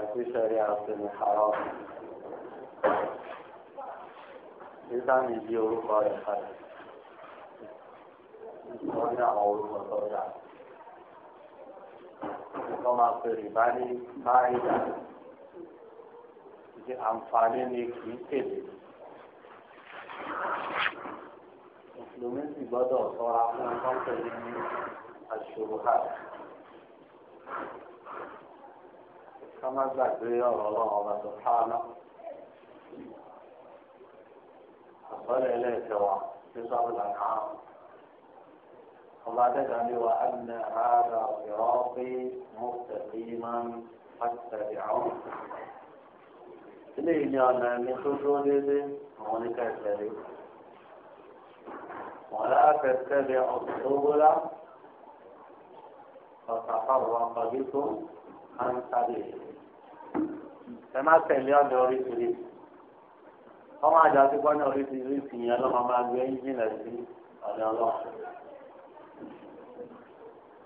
àti sẹ̀rí àfihàn haram. Ìsáàmì di orúkọ rẹ̀ kalẹ̀. Ìsọ̀rí àwọn orúkọ sọ̀rọ̀ àti. Ìsọ̀ máa pè rìbá ní báyìí ti àǹfààní ni kì í tèlé. Mùsùlùmí sì gbọ́dọ̀ sọ́ra fún ọkọ̀ pẹ̀lú àṣùrù hà. كما ذكر الله سبحانه أصل إليه سواء في صعب الأنعام الله تجعل وأن هذا صراطي مستقيما فاتبعوه إليه جانا من خشوده هناك السبيل ولا تتبعوا السبل فتفرق بكم máa ń sáré ẹ má tẹ̀lé ọ̀dọ̀ oríṣiríṣi ọmọ àjọ àti gbọ́dọ̀ oríṣiríṣi yẹn lọ́mọ máa gbé ẹ́ńjìnà sí ọ̀dọ̀ ọlọ́run.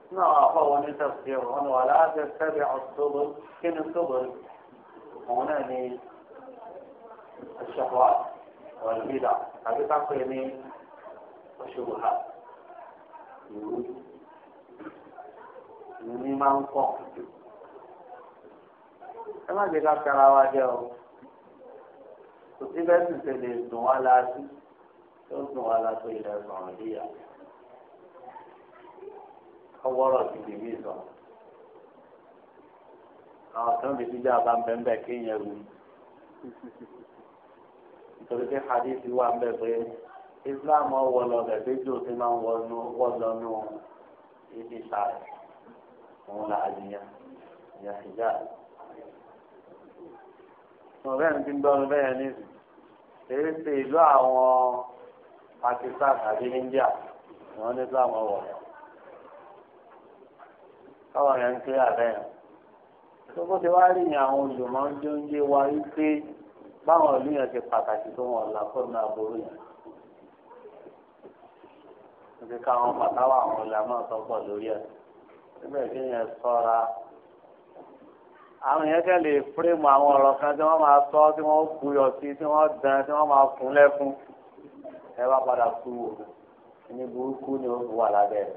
nínú àwọn afọwọ́ ní tẹ̀sí ọ̀rọ̀ wọn wà láti sẹ́bi ọ̀ṣọ́bọ̀ kí ni ṣọ́bọ̀ òun náà ní ṣọ̀wá ọ̀lẹ́dà tàbí kápẹ́ ní ọ̀ṣọ́bọ̀ ha ìlú ìlú ní máa ń pọ̀ ẹ má jẹ́ ká fẹ́ra wa jẹ́ o kò sí bẹ́ẹ̀ sì ṣe lè dùn wá la sí tó dùn wá la tó ilẹ̀ sọ̀rọ̀ díyà ọwọ́rọ̀ ti di mí sọ àwọn tó ń bi jíjà bá ń bẹ́ẹ̀ bẹ́ẹ̀ kéèyàn wù nítorí pé hadith wà ń bẹ̀ pé Islam ọwọ́ lọ bẹ̀ pé jù ti máa ń wọ́ lọ́nù ibi sáré òun là á jiyàn ìyá ìjà rẹ̀ ọ̀rẹ́ mi ti ń gbọ́nu bẹ́ẹ̀ ní èyí ṣe ìlú àwọn Pakistan àti India wọ́n ní Islam ọ̀wọ̀ káwọn yẹn ń pè àbẹ́ tó bó ti wá rí ni àwọn olùmọ̀ ń jó ń yé wa wípé báwọn ìlú yẹn ti pàtàkì tó wọn là fún mi àbúrò yẹn níbi káwọn pàtàwọ àwọn ìlànà tó lórí ẹ̀ níbẹ̀ kí yẹn sọ́ra àwọn yẹn kẹ́ lè fúrémù àwọn ọ̀rọ̀ kan tí wọ́n máa sọ tí wọ́n buyọ̀ sí tí wọ́n dán tí wọ́n máa fún lẹ́fún ẹ bá padà kú wò ní burúkú ni ó wà lábẹ́ rẹ̀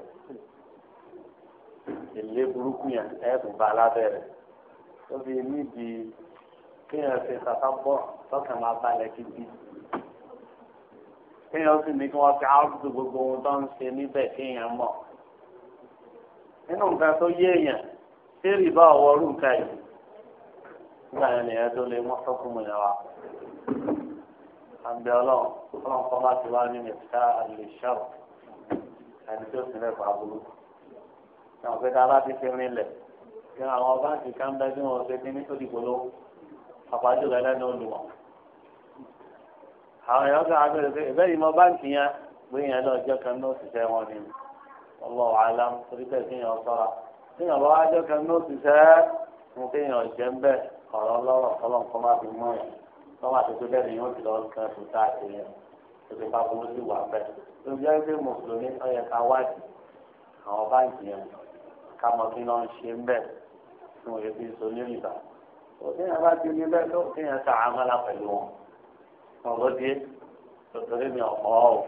èlé burúkú yẹn ẹ tún bá lábẹ́ rẹ̀ ó fi níbi kéèyàn ṣe tàkà bọ́ tọ́kàn máa balẹ̀ gidi kéèyàn sì ní kí wọ́n fi áwùjọ gbogbo ohun tó ń ṣe níbẹ̀ kéèyàn mọ̀ nínú nǹkan tó yé èèyàn ṣé rìbá ọ̀wọ́rú nǹkan yìí nígbà yẹn lè yẹ tó lè mú sọkùnmù yẹn wa àgbẹ̀ ọlọ́run ọlọ́run kọ́ láti wá ní mẹ́ta àlèṣàrò ẹni tó sì lẹ́kọ̀ọ́ àbúrò náà pé dára ti fi rin lẹ̀ kí àwọn báńkì kan bẹ́ bí wọ́n ṣe ní nítorí polówó àpájọ rẹ lẹ́nu olùwọ̀n àwọn èèyàn kan àgbẹ̀ pé ìbẹ́ yìí mọ báńkì yẹn gbé yẹn lọ ọjọ́ kan ní òṣìṣẹ́ wọn ni ọlọ́wọ́ alam torí pé kéèyàn sọ́ra kéèyàn bá wá kan ní òṣìṣẹ́ mo kéèyàn jẹ́ bẹ́ẹ̀ ọ̀rọ̀ lọ́rọ̀ ọlọ́run kọ́ máa fi mọ́ ẹ̀ lọ́wọ́ àtúntò bẹ́ẹ̀ ni yóò ti lọ kan tó tá a ṣe yẹn tó ti pa wà bẹ́ẹ̀. ló ń mùsùlùmí ọ ká wájú àwọn báǹkì yẹn ká mọ kí lọ́n ṣe ń bẹ̀ tí wọ́n yẹ so ní ìgbà. òfin yẹn bá ti ní bẹ́ẹ̀ tó fi yẹn sàn ámàlà pẹ̀lú wọn. wọn ló dé mi ọ̀pọ̀ ọ̀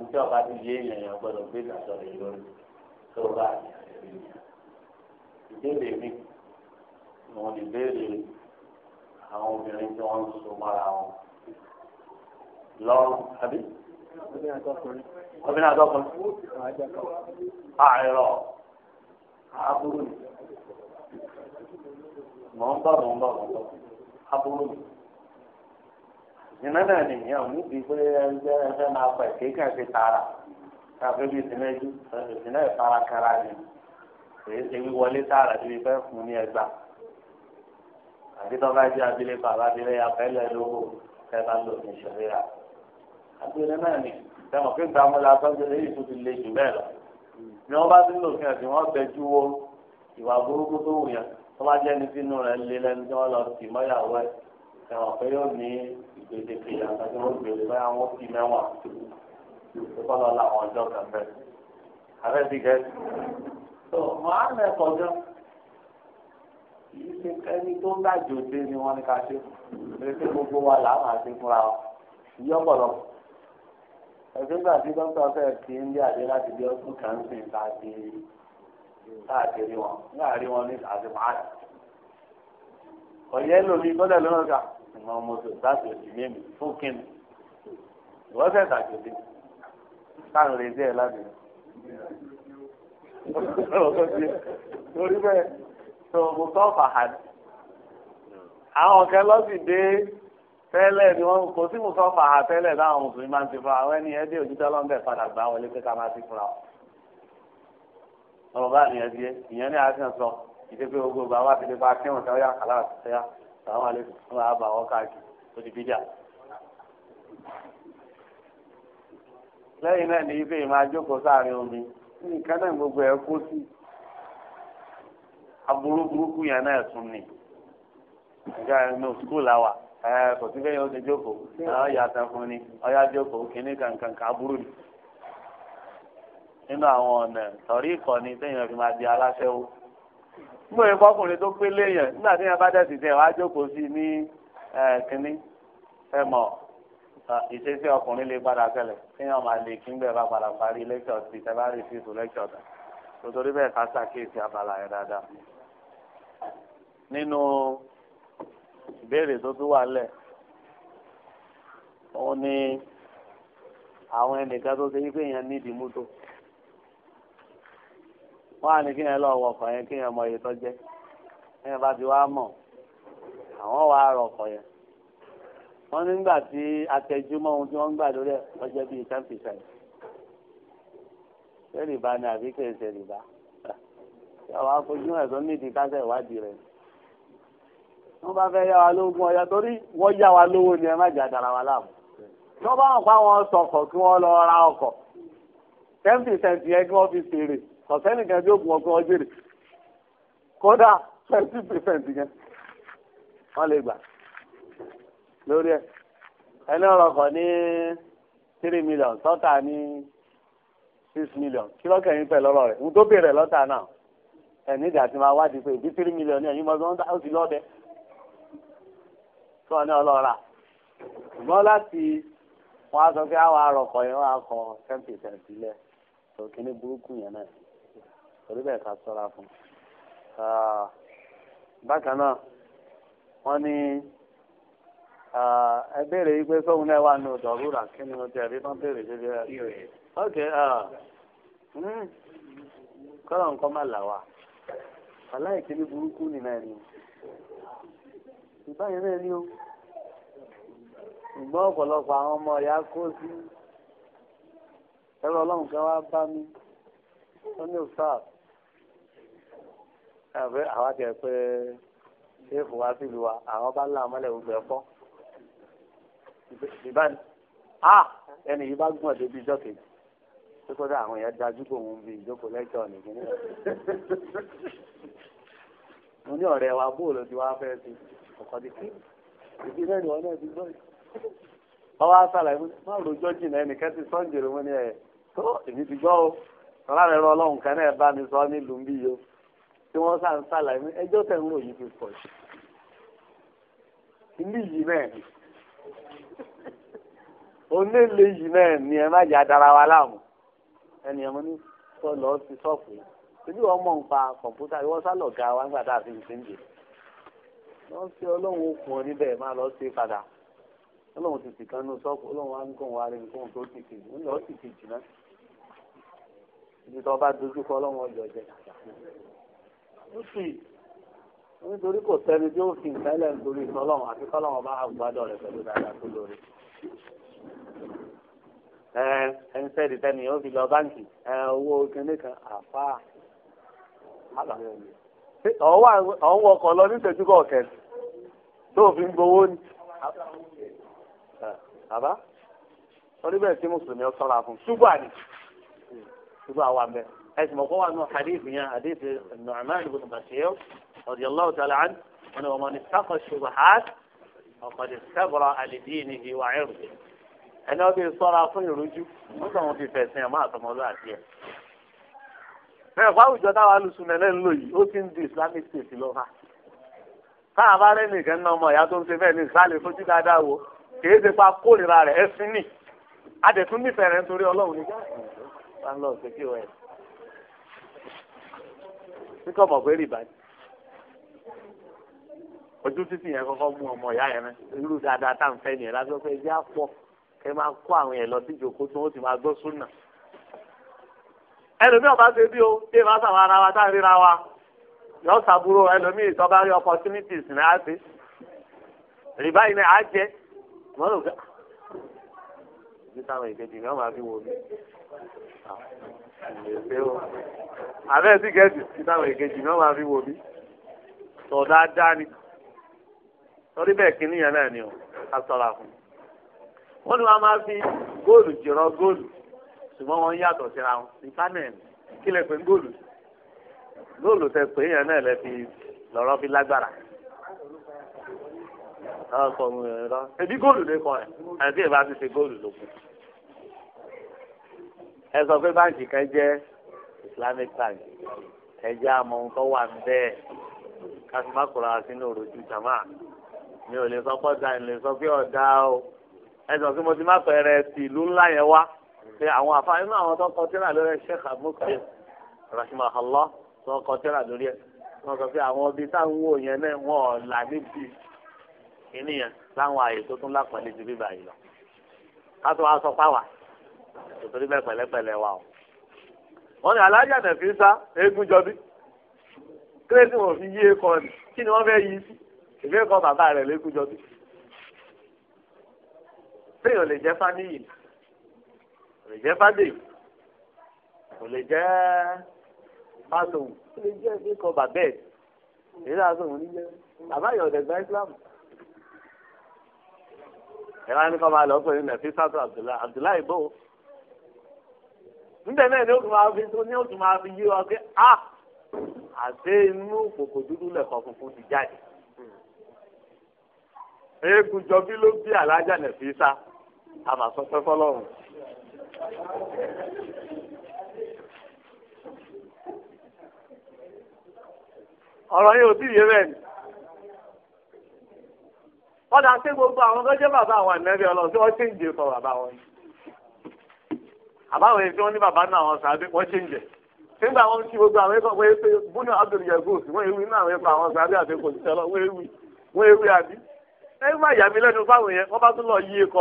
ìjọ bá ti yé èèyàn yẹn gbé ìdájọ́ rẹ̀ lórí tó bá ìbéèrè mi wọn lè béèrè àwọn obìnrin tí wọ́n ń so mọ́ra wọn lọ́rùn àbí. obìnrin àtọkùnrin. àìrọ̀ ah, aburú ni mọ̀ ń bọ̀ mọ̀ ń bọ̀ mọ̀ ń bọ̀ aburú ni ìnáná nìyẹn ò níbi pé ẹgbẹ́ ẹgbẹ́ máa pẹ̀ kéékàn fi tààrà káfí bíi sinẹ́jú ìsinẹ́ ìfarakara ni èyí ṣe wíwọlé tààrà bíi fẹ́ fún ní ẹgbàá àti tọ́ka jẹ́ abilékọ àbábílẹ̀ àpẹẹlẹ lóko kẹta ló ní ìṣẹ̀lẹ̀ à. àgbélé náà ni sẹ́mọ̀ kí nǹkan amúlẹ̀ asọ́jọ́lẹ̀ yìí tún ti le jù bẹ́ẹ̀ lọ. ni wọ́n bá ti lò fún ẹ̀sìn wọ́n bẹ jú wo ìwà burúkú tó wù yẹn tó bá jẹ́ ní sínú rẹ̀ lé lẹ́nu tí wọ́n lọ sí mọ́yàwó ẹ̀ sẹ́mọ̀ pé yóò ní ìgbèdéke yàtọ̀ tí wọ́n gbèrè báyà wọ́n ti mẹ́wàá tó kọ́ ẹni tó ń dájò dé ni wọ́n ní ká ṣe ẹgbẹ́ gbogbo wa làwọn àti fúnra wa ìyá ọ̀pọ̀lọpọ̀ ẹgbẹ́ gbà tí dókítà fẹ́ẹ̀ kí ń lé àdé láti bí ọdún kan sí káàkiri káàkiri wọn láàrin wọn ní àti pààlà ọ̀yẹ́ lómi gbọ́dọ̀ lọ́nà ká ìmọ̀ mọ́tò láti òsì mímì fún kíni ìwọ́n dájò dé káàrin lè dé láti tó mùtọ́ fàhàdì àwọn kan lọ́sì dé tẹ́lẹ̀ ni wọ́n kò sí mùtọ́ fàhà tẹ́lẹ̀ láwọn mùsùlùmí máa ń ti fún àwọn ẹni ẹdí òjútọ́ lọ́nbẹ̀ padà gbà wọlé pé ká máa ti fúnra wọn. ọ̀rọ̀ bá nìyẹn di ìyẹn ní àti sọ ìdí pé gbogbo ìgbà wa ti lè pa kírun kan yá kàlá àtúnṣe yá sàwọn àlejò fún wa bá káàkiri tó di bíjà. lẹ́yìn náà ni ife ìmáa jókòó sáàrin aburú burúkú yẹn náà sùn ni ìgbà inú skul àwà ẹ kò sí bẹ́ẹ̀ yẹn ó ti jókòó ọ̀yà àtẹ̀fún ni ọ̀yà jókòó kínní kankankan aburú ni nínú àwọn ọ̀nà sọ̀rí ìkọ́ni téèyàn fi máa di aláṣẹ́wó mo yẹ fọkùnrin tó pé léèyàn nígbà téèyàn bá dẹ̀ dìde wàá jókòó sí ní kínní ẹ mọ̀ ìṣesí ọkùnrin lè padà ṣẹlẹ̀ téèyàn máa lè kí ń bẹ̀ bá padà parí lẹ́kṣọ̀ sí tẹ́ bá rí fíìsù lẹ́kṣọ̀ tán nítorí bẹ́ẹ̀ ká ṣàkíyèsí abala yẹn dáadáa nínú ìbéèrè tó tún wà lẹ̀ òun ni àwọn ẹnìkan tó ṣe wípé èèyàn nídìí mọ́tò wọ́n á ní kí yẹn lọ wọ ọkọ̀ yẹn kí yẹn mọ iye tó jẹ́ kí yẹn bá ti wá mọ̀ àwọn wà á rọ ọkọ̀ yẹn wọ́n nígbà tí atẹjúmọ́ ohun tí wọ́n gbà lórí ẹ̀ ọjọ́ bíi ten percent ṣé rìbá ni àbí kèé ṣe rìbá ṣé àwọn afojú ẹ̀ tó nídìí kásẹ̀ ìwádìí rẹ̀ ni wọ́n bá fẹ́ yá wa lóògùn ọ̀yà torí wọ́n yá wa lówó ni ẹ má jà dára wa láàmú. tí bá wọn pa wọn sọkọ̀ kí wọ́n lọ ra ọkọ̀ ten percent yẹn kí wọ́n fi fèrè kọ̀sẹ́nì kan tí ó gùn ọkọ̀ ọjẹ́rè kódà twenty percent yẹn wọ́n lè gbà lórí ẹ̀ ẹni ọ̀rọ̀ kan ní three million tọ́ta ní six million kí lọ́kàn yín pẹ̀lú ọ̀rọ̀ ń tó bèrè lọ́ta náà ẹ̀ nígbà tí máa wádìí pé ìdí three million ní ẹ̀yìn mọ́tò ó ti lọ́ọ́ bẹ́ẹ̀. tó ọ ní ọlọ́ra ṣùgbọ́n láti wọ́n á sọ pé àwọn arọ̀kọ̀ yẹn wọ́n á kọ ten percent sílẹ̀ tó kíní burúkú yẹn náà torí bẹ́ẹ̀ ká sọ́ra fún bákan náà wọ́n ní ẹ béèrè yìí pé sóhun náà wà ní kí ni mo ti ẹ̀rí tán béèrè ṣe bí hmm, kọ́lọ̀ nǹkan má là aláìkíní burúkú nìyẹn ni. ìbáyẹn náà ni ó ṣùgbọ́n ọ̀pọ̀lọpọ̀ àwọn ọmọ ìyá kó sí ẹ̀rọ ọlọ́run kan wá bá mi ó ní òṣàf ẹ̀fẹ́ àwa tẹ̀ pé ṣéèfù wá sílùú wa àwọn bá ńlá àmọ́lẹ̀ gbogbo ẹ̀fọ́ ìbáni a ẹni yìí bá gbọ́n débi ijọ́ kejì tó kọjá àwọn èèyàn dájú kò ń bi ìjókòó lẹ́jọ́ nìkan mo ní ọ̀rẹ́ wa bóòlù tí wàá fẹ́ sí i ọ̀kọ́dé kí ìdí náà ìwọ náà ti gbọ́ yìí. wọ́n wá sàlàyé fún mi má rojọ́ jìnnà ẹnìkan ti sọ́ njèrè wọn ni ẹ̀ tó èmi ti gbọ́ o ọlọ́run ẹ̀rọ ọlọ́run kan náà bá mi sọ nílùú ń bí yo tí wọ́n sà ń sàlàyé fún ẹjọ́ tẹ̀ ń ròyìn ti pọ̀ jù. ilé yìí náà ni onílé yìí náà ni ẹ má jẹ́ adara wa láàmú ẹnì ẹ̀ mo ní sọ lọ́ọ́ ti sọ́ọ̀fù yìí ṣébí wọ́n mọ̀ nípa kọ̀ǹpútà ìwọ́sálọ̀ ga wa nígbà tá a fi ń ṣe ń jèrè. wọ́n ṣe ọlọ́run okùn ọ níbẹ̀ máa lọ ṣe padà ọlọ́run ti sì kan nu sọ́ọ̀kù ọlọ́run wa ń kàn wá rí nǹkan tó ti ń lọ náà ibi tó bá dojú kọ ọlọ́run ọjọ́ jẹ ó sì nítorí kò sẹ́ni tí ó fi nǹkan ẹlẹ́ni torí ìtọ́lọ́run àti kọ́lọ́run bá àgbàdo rẹ̀ pẹ̀lú dáadáa tó lórí ẹni tẹ́ni ó fi lọ báǹkì owó kan àfáà tó fi ń gbowó ni. bàbá orí bẹ́ẹ̀ tí mùsùlùmí ọ sọ́ra fún ṣubú àdì ṣubú àwa mẹ́ ẹ̀sìn mọ̀kọ́ wà nù hadith yẹn hadith Nu'man ibn Bashir radiyallahu ta'ala anhu wọn ni wọn ni sáfà ṣubahat ọkọ̀ ni sẹ́bùrọ̀ àlìdíìní ìwà ẹ̀rù ẹni ọdún sọ́ra fún ìrújú ó sọ wọn fi fẹ̀sìn ẹ̀ máa tọmọlú tá a bá rẹ́ nìkan náà ọmọ ìyá tó ń ṣe bẹ́ẹ̀ ní ìsàlẹ̀ fojú dáadáa wo kìí ṣe pa kórìíra rẹ̀ ẹ̀sìn nì adẹ̀tún nífẹ̀ẹ́ rẹ̀ nítorí ọlọ́run ní kíkọ́ mọ̀ pé rìbá ni ojú títì yẹn kọ́kọ́ mú ọmọ ìyá yẹn irú dáadáa tá à ń fẹ́ nìyẹn lásán pé ẹjẹ́ àpọ̀ kẹ́ máa kó àwọn yẹn lọ sí ìjòkó tí wọ́n ti máa gbọ́ súnà ẹlòmíràn bá ṣe bí o tí èèyàn bá ara wa tá à ń ríra wa yọ sàbúrò ẹlòmíì tó bá rí opportunities ní àti rìbá yìí ní wọn gbà ìkejì ní ah, ìkejì ní dáadáa ni torí kí náà ni o ká sọ̀rọ̀ fún un wọ́n ní wọ́n máa fi góòlù góòlù síra wọn góòlù góòlù tẹ pé yẹn náà lẹ fi lọ́rọ́ fi lágbára ọkọ mi ẹ lọ ẹbí góòlù lè kọ ẹ àti ìbá ti ṣe góòlù ló kù ẹ sọ pé báǹkì kan jẹ́ islamic bank ẹ jẹ́ àmọ́ ohun tó wà níbẹ̀ kásìmákùrà sínú òròjú jama mi ò lè sọ pé ọ̀dà ìlè sọ pé ọ̀dà o ẹ sọ pé mo ti má pẹ̀rẹ̀ ti ìlú ńlá yẹn wá pé àwọn àfa inú àwọn tó kọ sílẹ̀ lórí sheikh abdulkadir rahimahullah wọn kọ tẹ́lá lórí ẹ̀ wọn sọ pé àwọn ibi táwọn wò yẹn náà wọn ò là níbi kíní yẹn láwọn àyè tó tún lápẹ̀lẹ̀ ju bíbá yìí lọ. ká tó wá sọ páwà nítorí bẹ́ẹ̀ pẹ̀lẹ́pẹ̀lẹ́ wa o. wọ́n ní alájà nàfi sá eégún jọbí kírésì wọn fi yí ekọ ni kí ni wọ́n fẹ́ yí sí ìwé ẹ̀kọ́ bàbá rẹ̀ lẹ́gún jọbí. péèyàn lè jẹ́ fáníyì lè jẹ́ fádèyì kò lè jẹ́ fásòwò ó lè jẹ́ ẹgbẹ́ kan bàbẹ́ẹ̀ èyí tá a sọ̀rọ̀ nílẹ̀ àbáyọ̀ ọ̀dẹ̀gbà Islam ẹ̀rọ anìkan máa lọ pẹ̀lú nàfísàtò Abdullahi Abdullahi bò níbẹ̀ náà ni ó tún máa fi tó ní ó tún máa fi yí wa pé a ah, àti inú kòkò dúdú lẹ̀kọ́ funfun ti jáde eégún jọbí a bí alájà nàfísà àmàsọ́pẹ́ fọlọ́run. ọ̀rọ̀ yẹn sì yé bẹ́ẹ̀ ni. wọ́n dà sí gbogbo àwọn tó jẹ́ bàbá àwọn ànẹ́bí ọlọ́run tí wọ́n ṣe ń jẹ fọ bàbá wọn. àbáwọn èyí tí wọ́n ní bàbá náà wọn sàbí wọ́n ṣe ń jẹ. nígbà wọn ti gbogbo àwọn ẹ̀kọ́ wọ́n pé Abdul Yagos wọ́n ewì náà wọ́n pa àwọn sàbí àti kò síṣẹ́ lọ wọ́n ewì àbí. ẹ̀yìn máa yà mí lẹ́nu fáwọn yẹn wọ́n bá tún lọ yí ikọ̀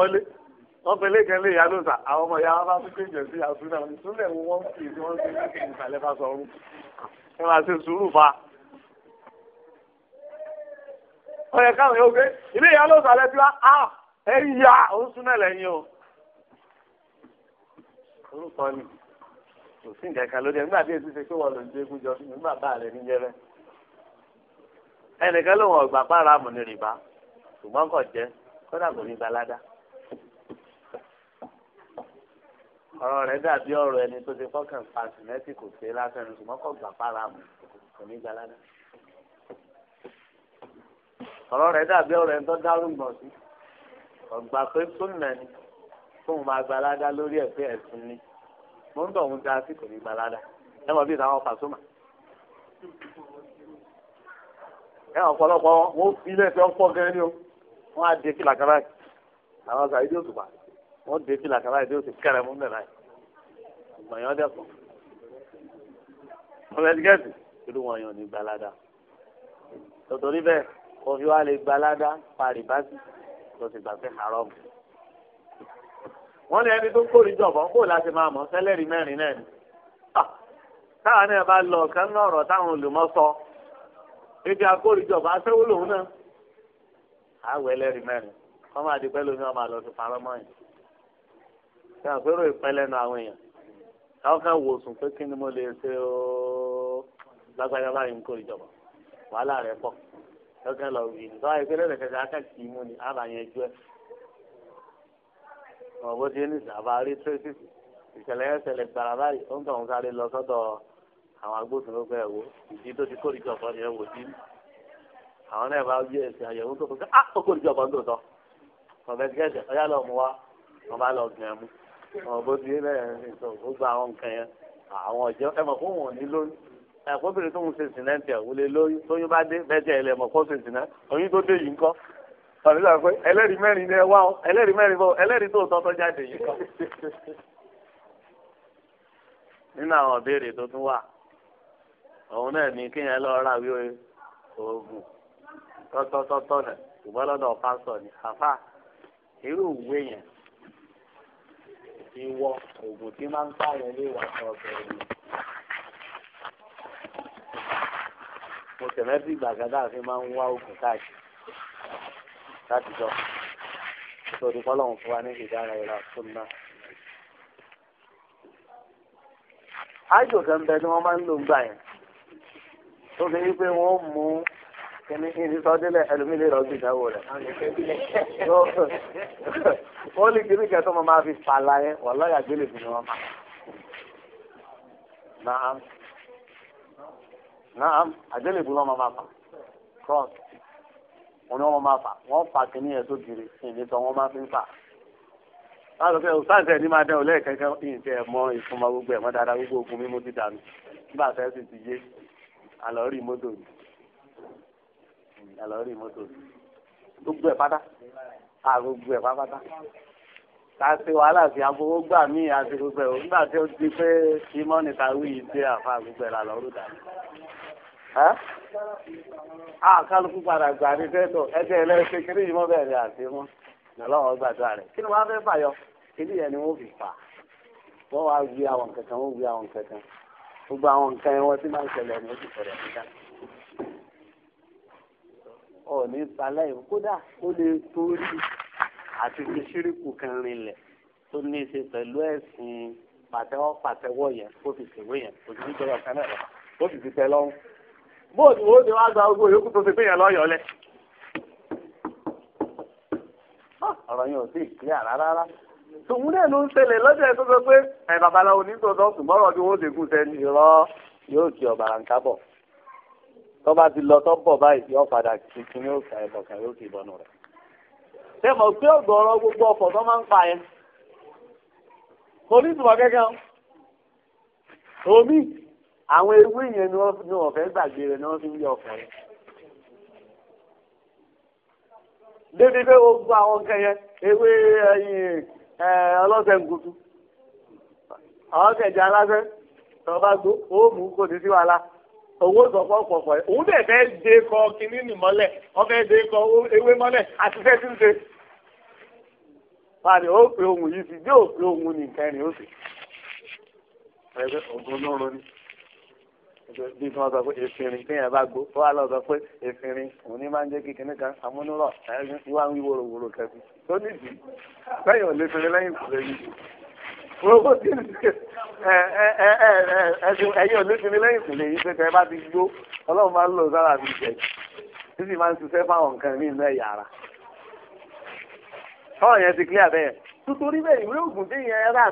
wọ́n pe lẹ́kẹ̀ẹ́ lè yá lóṣà àwọn ọmọ ìyá wọn bá tún kéjọ sí àtúnṣe àwọn wọn fi ìdí wọn sí ìsàlẹ̀ bá sọ ẹ máa ṣe sùúrù fa ọ̀yẹ̀ káwọn yóò gbé ilé ìyá ló sàlẹ̀ tí wá á ẹ yá òun súnmọ́ lẹ́yìn o. orúkọ ni kò sí nǹkan kan lóde nígbà tí èsì ṣe pé wọn lò ń gbé egun jọ nígbà bá rẹ níjẹrẹ ẹnìkan ló wọn ọgbà pààrà mọ ní rìbá ṣùgbọ́n kò jẹ kódà kò ní balada ọ̀rọ̀ rẹ̀ dàbí ọ̀rọ̀ ẹni tó ti fọkàn pàṣẹ mẹtì kò ṣe lásán ṣùgbọ́n kò gbà pààrà mọ kò ní balada ọ̀rọ̀ rẹ̀ dàbí ọ̀rọ̀ ẹ̀ tó dárúgbọ̀n sí ọ̀gbà pé súnà ni tóun máa gbalada lórí ẹ̀ pé ẹ̀sùn ni mo ń tọ̀ ń da sí kò ní gbalada ẹ mọ̀ bí ìtàwọn fàṣọmà ẹ ọ̀pọ̀lọpọ̀ wọn ó fi ilé ẹ̀fẹ́ ọ̀pọ̀ gan ni o wọ́n á de fìlà kan báyìí àwọn ọ̀sà ìdí òṣùpá wọ́n de fìlà kan báyìí ìdí òṣù kẹrẹ mú mẹ́rin ìgbọ̀nyàn dẹ́kun ọ̀rẹ́dígẹ́sì òfin wa lè gbalada parí báàgì tó ti gbà pé haram. wọ́n lé ẹni tó kórìí jọ̀bọ̀ kó láti máa mọ̀ sẹ́lẹ̀rì mẹ́rin náà ni. Ah! táwọn náà bá lọ ọ̀kan náà ọ̀rọ̀ táwọn olùmọ̀ sọ ibi akórìí jọ̀bọ̀ aṣẹ́wó lòun náà. àwẹ̀ ẹlẹ́rìí mẹ́rin kọ́ máa di pẹ́ lómi ọmọ àlọ́ ti parọ́ yìí. ṣé àpérò ìpẹ́lẹ́nu àwọn èèyàn káwọn kan wò sùn pé kí ni mo lè ṣe ooo lágbàdàbà yìí ń kórìí jọ̀bọ̀ wàhálà rẹ̀ pọ̀ lọ́kàn lọ wí ní báyìí pé lọ́dọ̀ kẹta akẹ́kì mú ni àbàyàn ẹjọ́ ẹ̀. wọn bó ti ní sàbà rí tracy ìṣẹ̀lẹ̀ ẹ̀ṣẹ̀lẹ̀ gbàrà báyìí ó ń tọ̀hún sáré lọ sọ́dọ̀ àwọn agbófinró pé ẹ̀wò ìdí tó ti kórìí jọ̀pọ̀ ni ẹ̀wò sí. àwọn náà bá yí ẹ̀sìn àyẹ̀wò tó kọjá ah, ó kórìí jọ̀pọ̀ ń tòótọ́. kọ̀mẹ́tìkẹ́sẹ̀ ọ̀yá lọ mú wa wọn bá lọ gbìn ẹ̀mú. wọn bó ti ní ẹ̀kọ́bìnrin tó ń ṣe sìnà tiẹ̀ wọlé lóyún tóyún bá dé bẹ́ẹ̀ tiẹ̀ ilẹ̀ kó ṣe sìnà oyún tó dé yìí ńkọ́ ọ̀rẹ́ sọ pé ẹlẹ́rìí mẹ́rin ni ẹ wá ọ ẹlẹ́rìí mẹ́rin bọ́ ẹlẹ́rìí tó tọ́ jáde yìí kọ́. nínú àwọn ìbéèrè tó tún wà òun náà ní kéèyàn lọ ra wí oògùn tọ́tọ́tọ́tọ́ nà ṣùgbọ́n lọ́dọ̀ pásọ̀ ni àfà irú ìwé yẹn ti wọ oògùn tí máa ń pààyàn lé ìwà mo tẹ̀lé sí gbàgádà àfi máa ń wá oògùn káàkiri láti jọ nítorí kọ́lọ́hún fún wa ní ìdára ìlà tó ná. ájò kẹ́ńbẹ́ ni wọ́n máa ń lò ń gbà yẹn tó fi wípé wọ́n mú kìnní ìdí sọdílẹ̀ ẹlòmíì lè rọ́ọ̀gbì ìdáwó rẹ̀. ó lè kí ní kẹ́tọ́ mo máa fi pààlà yẹn wọ́n lọ́ọ̀yà gbélé fi ni wọ́n máa náà àjẹlẹ̀bù lọ́mọ máa fà cross wọn ni wọn máa fà wọn fà kínní yẹn tó giri ìní sọ wọn máa fi ń fà. láti ọ̀sẹ̀ òsáǹtẹ̀ ní máa dẹ́ ọ lẹ́ẹ̀kẹ́kẹ́ ìǹtẹ̀ mọ ìfúnmọ́ gbogbo ẹ̀mọ́ dáadáa gbogbo ogun mímú ti dànù nígbà tẹ́ sì ti yé àlọ́rí mọ́tò ni àlọ́rí mọ́tò ni gbogbo ẹ̀ pátá à gbogbo ẹ̀ pátá tàṣe wàhálà sí agbowó gbà míì àti gbogbo ẹ̀ nígbà tí ó ti pé ìmọ̀ nìkan wí ìdí àfa gbogbo ẹ̀ làlọ́rù dànù àkàlùkù ah, padà gbà ní tẹ́tọ̀ ẹgbẹ́ ẹlẹ́sẹ̀ kiri yìí mọ́ bẹ́ẹ̀ ni àti mọ́ lọ́wọ́ gbàdúrà rẹ̀ kí ni wọ́n á fẹ́ fàyọ kiri yẹn ni wọ́n fi fà wọ́n wá gbé àwọn kankan wọ́n gbé àwọn kankan gbogbo àwọn nǹkan yẹn wọ́n ti máa ń ṣẹlẹ̀ ní oṣù fẹ̀rẹ̀ níta. ọ̀ọ́nì balẹ̀ yìí kódà ó lè torí àti fi ṣíríkù kan rinlẹ̀ tó ní í ṣe pẹ̀lú ẹ̀sìn pàtẹ́wọ́ pàtẹ́wọ́ yẹn kó fi ṣèwé yẹn kò sí nítorí ọ̀kan náà ó sì ti tẹ lọ́rùn bóòdù wo ni wọ́n gba gbogbo yòókù tó fi péyàn lọ́yọ̀ lẹ. ọ̀rọ̀ yẹn ò sí ìpínlẹ̀ rárá tòun náà ló ń ṣẹlẹ̀ lọ́jọ́ ẹ̀ tó sọ pé ẹ̀ babaláwo ní tòótọ́ ṣùgbọ́n ni wọ́n lè gùn sẹ́ni irọ́ yóò kí ọ̀bà ránkà bọ̀ tó bá ti lọ tó bọ̀ báyìí yóò padà tuntun yóò fà ẹ̀bọ̀ kan yóò kì í rẹ̀. ṣé mo gbé ọ̀gọ̀ọ̀rọ̀ gbogbo ọkọ̀ tó máa ń pa yẹn kò ní kẹ́kẹ́ o omi àwọn ewé yẹn ni wọ́n fẹ́ gbàgbé rẹ̀ ni wọ́n fi ń yọ ọkùnrin. débi pé gbogbo àwọn nǹkan yẹn ewé ọlọ́sẹ̀ ń kutu àwọn kẹjà aláṣẹ tó bá gbó òòmù kò ní sí wàhálà owó sọ̀pọ̀ pọ̀pọ̀ yẹn òun dẹ̀ fẹ́ dé kọ kínní nì mọ́lẹ̀ wọ́n fẹ́ dé kọ ewé mọ́lẹ̀ àti fẹ́ tí ń ṣe. Fáàní ó pe ohun yìí sí bí ó pe ohun nìkan ni ó sì. Ẹgbẹ́ ògùn náà ronú bí tí wọ́n sọ pé efinrin téèyàn bá gbó tó wà lọ sọ pé efinrin òun ní máa ń jẹ́ kí kinní kan amúnúrọ̀ ìwà ń wí wòròwòrò kẹsì tó nìdí lẹ́yìn ò lè fi lẹ́yìn kò lè yí. owó tí ẹ̀yin ò lè fi lẹ́yìn kò lè yí pé tẹ́ bá ti gbó ọlọ́run máa ń lò sára mi jẹ tí sì máa ń ṣiṣẹ́ fáwọn nǹkan mí inú ẹ̀yà ara. tọ́wọ̀ yẹn ti clear bẹ́ẹ̀ tutorí bẹ́ẹ̀ ìwé òògùn téèyàn rà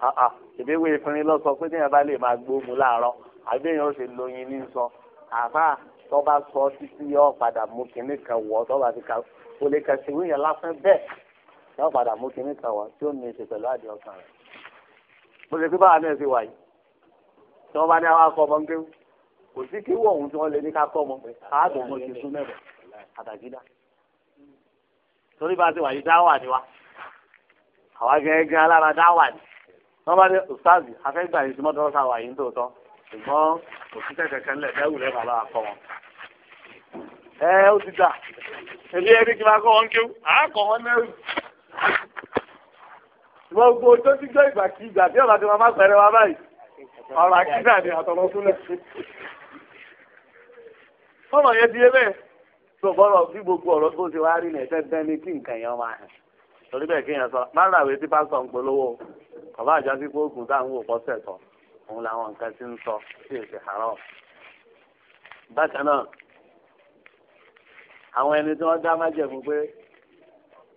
ìbéwé ah, ah. ìfinrin lọ sọ pé téèyàn bá lè máa gbóòmù láàárọ̀ àbẹ́yẹn ó ṣe lóyin ní sọ àbá tó sọ títí yọ padà mú kinní kan wọ̀ tó ti ka kò lè kẹsì wíyẹn lásán bẹ́ẹ̀ yọ padà mú kinní kan wọ̀ tí ó ní í pẹ̀lú àdìẹ ọkàn rẹ̀ mo ṣe pé báwa náà ṣe wà tí wọ́n bá ní àwọn akọ ọmọ ń kéwù kò sí kí wọ̀ ohun tí wọ́n lè ní ká kọ́ ọmọ káàdùn mo ti sún mẹ́rẹ̀ àtàgídá torí bá ti wà yìí dáwà ni wa àwa gẹ́gẹ́ alára dáwà ni wọ́n bá dé ọ̀sáàzì afẹ́gbà yìí símọ́ tọ́lọ́sà wà yìí ń tòótọ́ ṣùgbọ́n òṣìṣẹ́ kẹ̀kẹ́ ńlẹ̀ bẹ́ẹ̀ wùlẹ̀ bàbá akọ wọn. ẹ ó ti dà ẹbí ẹni kí n máa kọ́ wọn kéwù àákọ́ wọn náà. ìwọ́n gbogbo tó ti gbọ́ ìgbà kí ìgbà bí ọ̀bà tí wọ́n bá pẹ̀rẹ̀ wá báyìí ọ̀rọ̀ àkíńdà ni àtọ̀lọ́súnlẹ̀. fọ́nà yẹn ti yé bẹ́ẹ̀ torí bẹ́ẹ̀ kéèyàn sọ mára tí pásítọ̀ ń polówó bàbá àjọ tí kò gùn táwọn wò pọ́sẹ̀ tọ̀ òun làwọn nǹkan ti ń sọ sí èsì àárọ̀. bákan náà àwọn ẹni tí wọ́n dá májẹ̀mú pé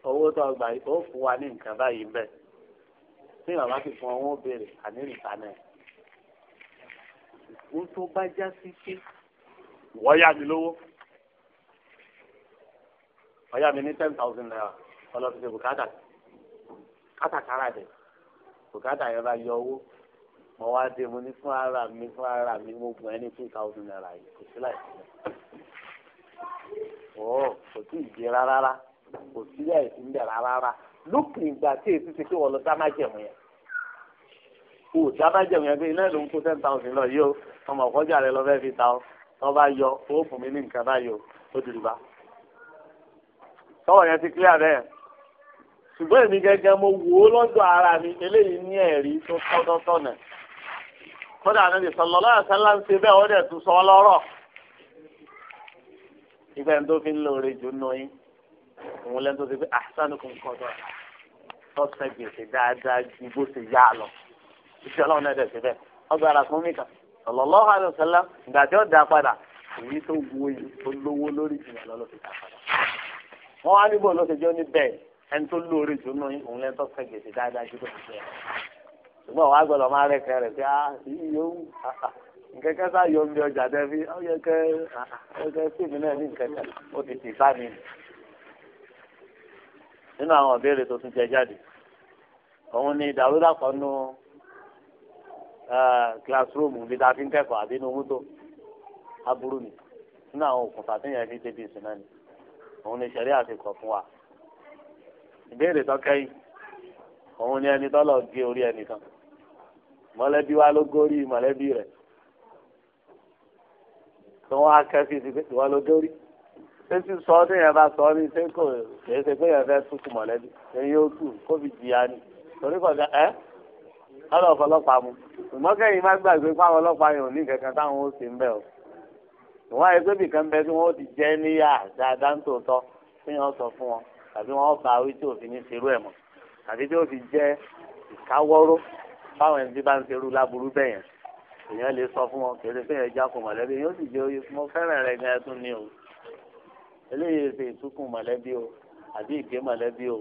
owó tó gbà ó fún wa ní nǹkan báyìí bẹ́ẹ̀ tí bàbá ti fún owó béèrè àní nìkan náà. wọ́n tó bá já sí pé wọ́n yá mi lówó wọ́n yá mi ní ten thousand naira ọlọ́run ṣe bùkátà kátàkárà dẹ̀ bùkátà yẹn bá yọ owó mo wá dé mo ní fún ara mi fún ara mi mo gbọ́n ẹni two thousand naira yìí kò sí láì ọ̀ kò tí ì jẹ rárá kò sí láì sí rárá lókè ìgbà tí èsì ti pé wọ́n lọ dá yẹn kò dá yẹn pé iná ìlú ń kó ten thousand lọ yìí ọmọ ọ̀kọ́jà rẹ lọ fi ta ọ tó bá yọ ó fún mi ní nǹkan báyìí ó dùn bá. sọ́wọ́ yẹn ti clear bẹ́ẹ̀. ṣùgbọ́n èmi gẹ́gẹ́ mo wò ó lọ́dọ̀ ara mi eléyìí ní ẹ̀rí tó tọ́tọ́tọ́nà kódà níbi sọlọ́lá àṣálá ń ṣe bẹ́ẹ̀ ó dẹ̀ tún sọ lọ́rọ̀ ìgbà tó fi ń lóore jù nù yín òun lẹ́nu tó ti fi àṣánù kò ń kọ́ tó tọ́sẹ̀ gbèsè dáadáa ju bó ṣe yá lọ ìṣẹ́ ọlọ́run náà dẹ̀ ṣe bẹ́ẹ̀ ọgbà ara fún mi kà sọlọ́lá àṣálá ìgbà yi ó dá ló ṣe jẹ́ ó ẹni tó lóore jù nù òun lẹ́ni tó fẹ́ gbèsè dáadáa jù lọ́wọ́ fẹ́ ṣùgbọ́n wàá gbọ́dọ̀ máa rẹ̀ kẹrẹ̀ pé ah yìí yóò nǹkan ah, ah. kan sá yọ mi ọjà dẹ fi ọyọ kẹ ọyọ sí mi náà ní nǹkan kan ó ti tì bá mi nínú àwọn ìbéèrè tó tún jẹ jáde òun ni ìdàrúdàpọ̀ nù eh, classroom bí ta fi ń kẹ́kọ̀ọ́ àbí inú mọ́tò aburú ni nínú àwọn òkùnfà tó yẹn fi débi ìsìn náà ni òun ni ṣẹ̀rí àti kọ̀ fún wa ìbéèrè tó kẹ́yìn òun ni ẹni tọ́lọ̀ gé orí ẹnìkan mọ̀lẹ́bí wa ló górí mọ̀lẹ́bí rẹ̀ tó wọ́n á kẹ́fì sí pé ìwọ ló górí ṣé tí sọ ọ́ téèyàn bá sọ ọ́ ní ṣé kò kèé ṣe pé èèyàn fẹ́ túkù mọ̀lẹ́bí ẹ̀yin ó tù kó fi jìyà ni torí kọ̀ọ̀kan ẹ́ ọlọ́ ọ̀fọlọ́pàá mu ṣùgbọ́n kẹ́yìn má gbàgbé fáwọn ọlọ́pàá yẹn ò ní kankan táwọn ó sì ń bẹ̀ o ìwọ́n ayé pé bìkan bẹ tí wọ́n ti jẹ́ níyà dáadáa ń tòótọ́ tí wọ́n sọ fún wọn tàbí wọn bá wí tí òfin ní serú ẹ̀ mọ́ tàbí tí ó fi jẹ́ ìkáwọ́rọ́ fáwọn ẹni tí bá ń serú láburú bẹ́ẹ̀ yẹn èèyàn lè sọ fún wọn kéde pé ẹja kò mọ̀lẹ́bí yóò sì jẹ́ oyè mo fẹ́ràn rẹ̀ gan ẹtún ni o eléyìí ṣe ìtúkùn mọ̀lẹ́bí o àbí ìgbé mọ̀lẹ́bí o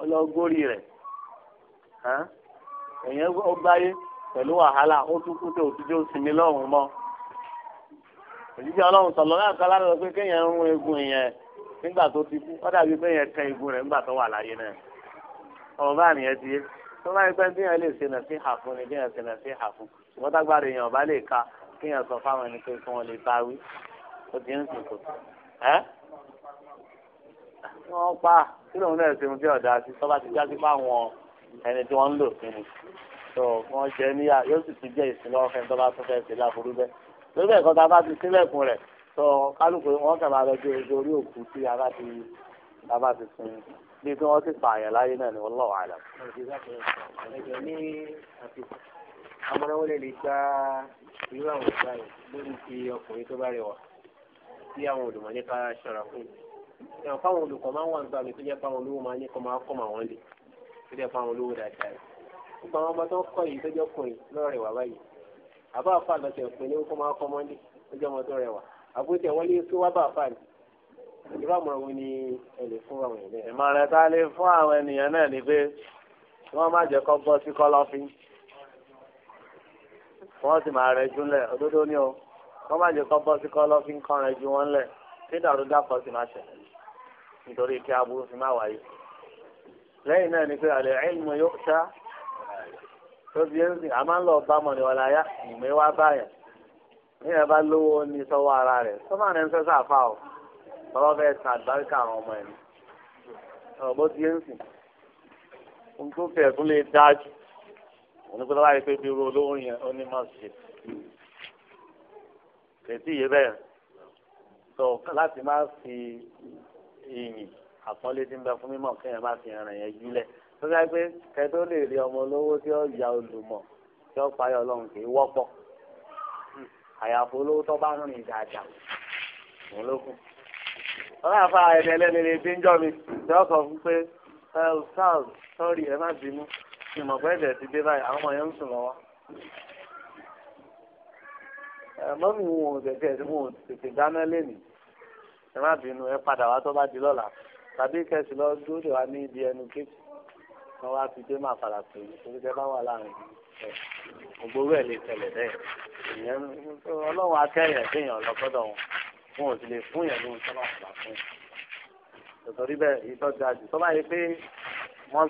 ó lọ górí rẹ̀ èèyàn ó gbáyé pẹ̀lú wàhálà ó tún kú tó òtújọ́ sinmi lọ́hùn-ún mọ́ òjijì ọlọ́run sọ̀lọ́ láǹkà lára lọ pé kéèyàn ń rún egun yẹn nígbà tó ti kú wọ́n dàbí pé yẹn kan igun rẹ̀ nígbà tó wà láyé náà ọ̀rọ̀ bá nìyẹn ti yé tó bá yẹ pé bí yẹn lè ṣe nàṣí hà fún ni bí yẹn ṣe nàṣí hà fún ṣùgbọ́n tágbára èèyàn ọba lè ka kí yẹn sọ fáwọn ẹni pé kí wọ́n lè bá wí ó ti ń sìnkú ẹ́ wọ́n pa kí lóun náà ṣe ohun tí ọ̀dà sí tọ́ba ti já sí fáwọn ẹni tí wọ́n ń lò sí ni tó wọ́n jẹ níyà yóò sì ti jẹ́ ìsinmi ọ̀fẹ́ tó bá tún fẹ́ ṣe láforú bẹ́ẹ̀ lórí bá ti sílẹ̀kùn rẹ̀ sọ kálukú wọn kàn máa lọ bí ojú orí òkú tí a bá ti a bá ti sin bí tí wọn ti pààyàn láyé náà ni wọn lọ wàhálà. ẹ̀jẹ̀ ní àfikún amọ̀nàwọlé lè gba irú àwọn ìgbà yẹn lórí ti ọkùnrin tó bá rẹwà tí àwọn olùmọ̀ nípa ṣọ̀rọ̀ fún un ẹ̀rọ fáwọn olùkọ́ máa ń wà nígbà mi tó jẹ́ fáwọn olówó máa ní kọ́ máa kọ́ màwọn lè tó jẹ́ fáwọn olówó dáadáa rẹ̀. gbogbo àwọn ọmọ tó ń kọ́ yìí tó jẹ́ ọkùnrin lọ́rẹ̀ wà báyìí àbá àfa lọ́sẹ̀ pé ní kó máa kọ́ mọ́lé tó jẹ́ ọmọ tó rẹwà àbúté wọn lè tó wá bá fà ní ìrọ àmọ̀ràn wo ni ẹ lè fún àwọn ènìyàn. ìmọ̀ràn tá a lè fún àwọn ènìyàn náà ni pé wọ́n má jẹ́ kó bọ́ sí kọ́lọ́fín wọ́n sì máa rẹ júlẹ̀ òdodo ni o wọ́n má jẹ́ kó bọ́ sí kọ́lọ́fín kọ́ rẹ wọn lẹ̀ kí dàrúdàpọ̀ sì má ṣẹlẹ̀ nítorí kí aburú fi má wáyé lẹ́yìn náà ni pé àlẹ́ ẹ̀yìn yóò ṣá tó bí ẹ̀ ń sìn àmọ́ ń lọ ìmọ̀ wá báyà níyẹn bá lówó ní sọ́wọ́ ara rẹ̀ sọ́mà rẹ̀ ń fẹ́ sàfà o bàbá fẹ́ sàn àgbáríkà àwọn ọmọ ẹ̀ ọ̀rọ̀ bó ti ń sìn ohun tó fẹ́ tún lè dájú òun pé láyé pé bí irú olórin yẹn ó ní má ṣe kẹ̀tì yé bẹ́ẹ̀ sọ láti má fi ìyìn àpọ́nlé tí ń bẹ fún mímọ̀ kéèyàn má fi ìrìn yẹn júlẹ̀ tó dáa pé kẹ́tọ́ lè rí ọmọ olówó tí ó ya olùmọ̀ tí ó payọ̀ ọlọ́run kì í wọ́pọ̀ àyàfó olówó tó bá ń rìn dáadáa òun ló kù. wọ́n á fa ẹni ẹlẹ́ni lè bí ń jọ mi tí wọ́n fún pé ẹ ò sọ́ọ̀rì ẹ má bínú ìmọ̀ pé ẹ̀jẹ̀ ti dé báyìí àwọn ọmọ yẹn ń sùn lọ́wọ́. ẹ̀mọ́ mi wò ó tètè wò ó tètè dáná lẹ́nu ẹ má bínú ẹ padà wá tó bá di lọ́la tàbí kẹsì lọ dúró wá ní ibi ẹnu kéèkì kan wá fi dé máa padà pè é torí tẹ bá wà láàrin ògbóró ẹ̀ lè tẹ̀lẹ̀ bẹ́ẹ̀ ìyẹn ọlọ́run akẹ́yẹ̀ kéèyàn lọ́kọ́dọ̀ wọn wọn lè fún yẹn lóhun sábà fà fún tòtòrí bẹ́ẹ̀ èyí tó ga jù tó bá yẹ wà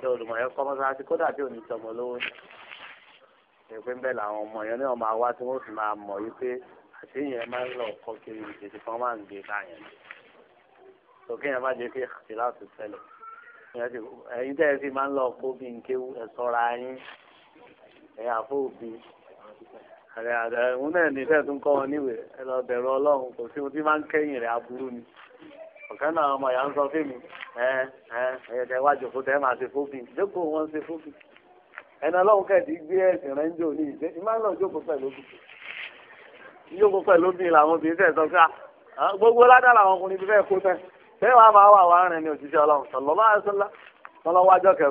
ṣé olùmọ̀ yẹn kọ́ mọ́sáàsì kódà tí ò ní sọmọ lówó ṣe pé bẹ́ẹ̀ làwọn ọmọ yẹn ní ọmọ àwa tí wọ́n sì máa mọ̀ yí pé àti máa ń lọ kọ́ kiri ìdèjì kan máa ń gbé káyẹn tó kéèyàn má jẹ́ kí ìhàtì láti ṣẹlẹ̀ ẹ̀yin tẹ́ ẹ fi máa ń lọ kó bí nkéwu ẹ yín ẹ àfọ̀bí àrẹ àrẹ òun náà ní ìfẹ́ tún kọ́ wọn níwèé ẹ lọ ọlọ́run kò sí ohun tí máa ń kẹ́yìn rẹ̀ aburú ni ọ̀kan náà ọmọ ìyá ń sọ fíìmù ẹ ẹ ẹ̀yẹ tẹ wájú kó tẹ máa ṣe fófin jókòó wọn ṣe fófin ẹni ọlọ́run kẹ̀dí gbé ẹ̀sìn rẹ̀ ń jò ní ìṣe ìmáà náà jókòó pẹ̀lú òbí jókòó pẹ̀lú òbí làwọn obìnrin fẹ́ sọ pé ah, gbogbo ládàá làwọn ọkùnrin ti kó tẹ́ ṣé wàá máa wà wá rìn ní òṣìṣẹ́ ọlọ́run sọ̀lọ́ máa ń sọ́lá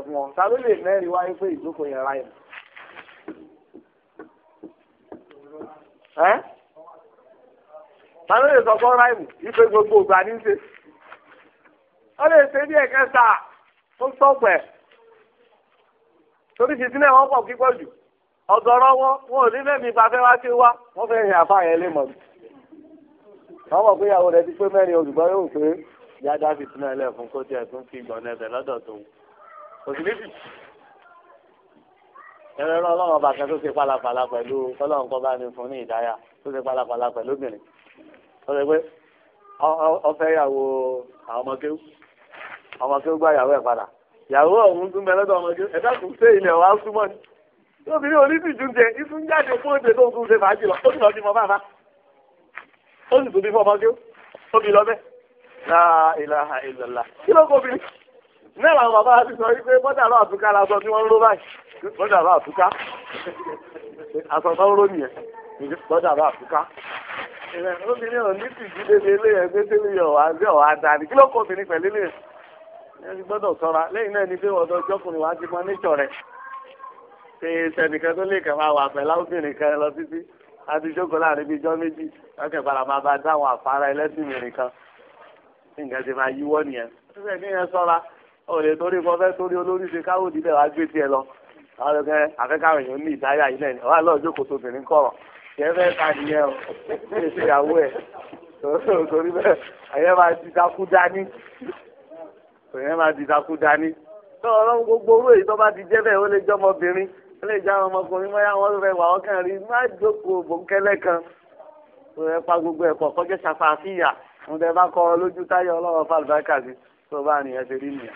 fún ta ló lè mẹ́rin wáyé pé ìjókòó lè sọ fún ife gbogbo ògbà ní ṣe ó lè ṣe bí ẹ̀kẹ́ ó sọ̀pẹ̀ torí ti sílẹ̀ wọ́n pọ̀ kíkọ́ jù ọ̀gọ̀rọ̀ wọn wọn ò ní lẹ́mìí wá sí wá wọ́n ìyá dábì tún náà lẹ́fun kó tiẹ̀ tún fi gbọ̀n ẹbẹ̀ lọ́dọ̀ tó wù kò sí níbi. ọba kan tó ṣe pálapàla pẹ̀lú ọlọ́run kọ́ bá fún ní ìdáyà tó ṣe pálapàla pẹ̀lú obìnrin tó pé ọfẹ́ ìyàwó àwọn ọmọ kéwù ọmọ kéwù padà ìyàwó ọ̀hún tún bẹ lọ́dọ̀ ọmọ kéwù ẹ̀dá kò sí wa súnmọ́ ni lóbìnrin onídìjú jẹ ìfún fún òde tó ń tún ṣe fàájì lọ ó sì lọ bí mo bá fa ó sì tún bí fọmọ kéwù ó bí lọ bẹ́ẹ̀. La ilaha illallah. Kí ló kó bìrì? Náà làwọn bàbá ti sọ wípé bọ́dà lọ àtúká la sọ tí wọ́n ń ró báyìí. Bọ́dà lọ àtúká. Àsọ tó ń ró nìyẹn. Bọ́dà lọ àtúká. Obìnrin ò ní tìjú débi eléyẹn pé débi ọ̀wá bí ọ̀wá dání. Kí ló kó obìnrin pẹ̀lú eléyẹn? Ẹni gbọ́dọ̀ sọ́ra. Lẹ́yìn náà ni pé ọ̀dọ̀ ọjọ́kùnrin wa ti mọ níjọ rẹ̀. Ṣé sẹ́nìkan tó lè kàn máa wà pẹ̀lú obìnrin kan lọ títí? A ti jókòó láàrin bíi ijọ́ méjì. Wọ́n kẹ̀ padà máa bá dáwọn àfárá ẹlẹ́sìn mìíràn kan nǹkan ti máa yíwọ́ nìyẹn ṣíṣe kí yẹn sọ́ra ó lè torí kọ́ fẹ́ torí olórí ṣe káwọ́ òdì bẹ́ẹ̀ gbé tiẹ̀ lọ akẹ́kọ̀ọ́ èèyàn ní ìdáyà yìí lẹ́yìn wà lọ́ọ́ jókòó tó bìnrin kọ̀rọ̀ kẹ́ fẹ́ ta nìyẹn o ṣe ìyàwó ẹ̀ torí bẹ́ẹ̀ ẹ̀yẹ́ máa ti takú dání ẹ̀yẹ́ máa ti takú dání tó ọlọ́run gbogbo orú èyí tó bá ti jẹ́ bẹ́ẹ̀ ó lè jẹ́ ọmọbìnrin ó lè jẹ́ ọmọkùnrin mọ́yá wọn fẹ́ wà ọkàn rí má jókòó bòńkẹ́lẹ́ kan ó yẹ pa gbogbo ẹ̀kọ́ kọjá ṣàfàfíyà mo tẹ bá kọ́ lójú táyà ọlọ́wọ́ fàlùbáríkà sí tó bá nìyẹn ṣe rí nìyẹn.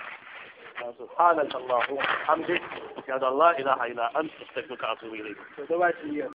سبحانك اللهم وبحمدك اشهد ان لا اله الا انت استغفرك واتوب اليك